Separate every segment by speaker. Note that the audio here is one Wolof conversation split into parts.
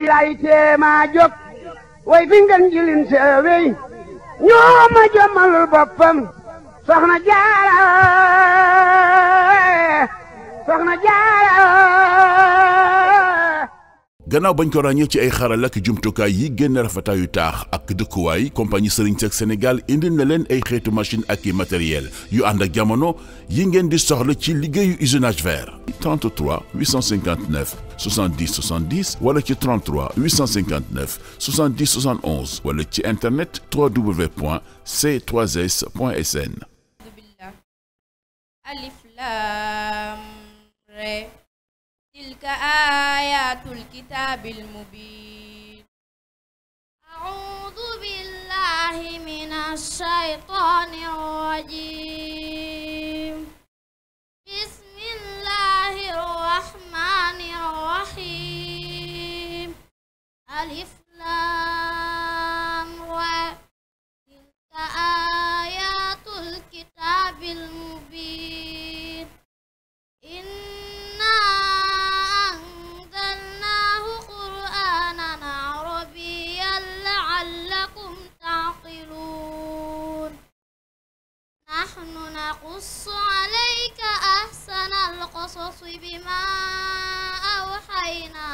Speaker 1: lay way fi ngeen jilin seewey ñoo ma jommalul boppam soxna gannaaw bañ ko ràññee ci ay xaral ak jumtukaay yi génn rafetaayu taax ak dëkkuwaay compagnie Serigne Seck Sénégal indil na leen ay xeetu machine ak yi matériel yu ànd ak jamono yi ngeen di soxla ci liggéeyu usinage vert. 33 859 70 70 wala ci 33 859 70 71 wala ci internet www.c3s.sn. alif laam re tilka ayatul kitaabil mubiin a'uudu billahi minash shaytaanir rajiim bismillahir rahmaanir rahiim alif نحن نقص عليك أحسن القصص بما أوحينا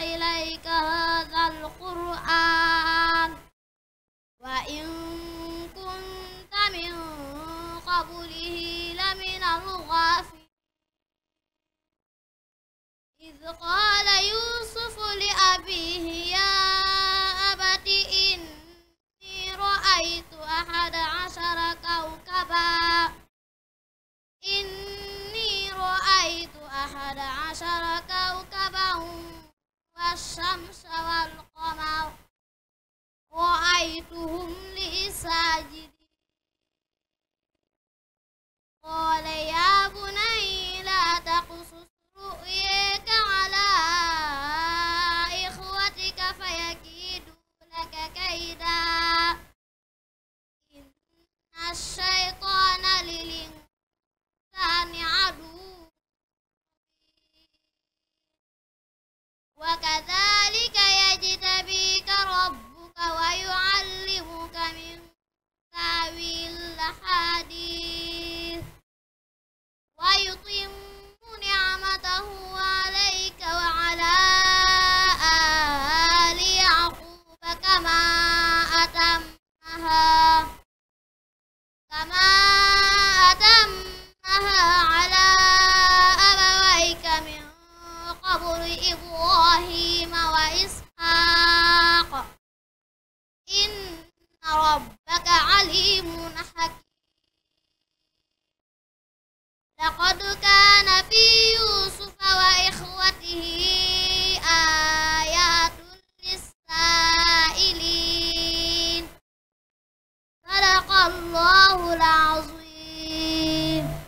Speaker 1: إليك هذا القرآن وإن كنت من قبله لمن الغافلين إذ قال أحد عشر كوكبا والشمس والقمر رأيتهم لي ساجدين لقد كان في يوسف وإخوته آيات للسائلين صدق الله العظيم ma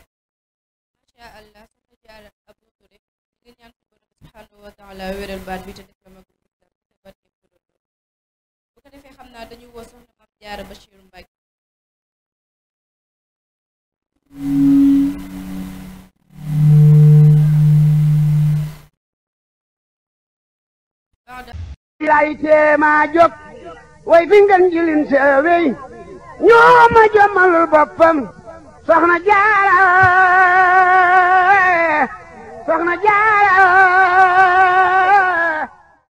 Speaker 1: sha Allah soxna Diarra Abou Touré di ñaan ko borom subhanahu wa taala wéral baat bi te def la mag bu ko defee xam naa dañu woo soxna Mame Diarra Bachir Mbaye lay teema jóg way fi ngeen jilin seewey ñoo ma jommalul boppam soxna jaara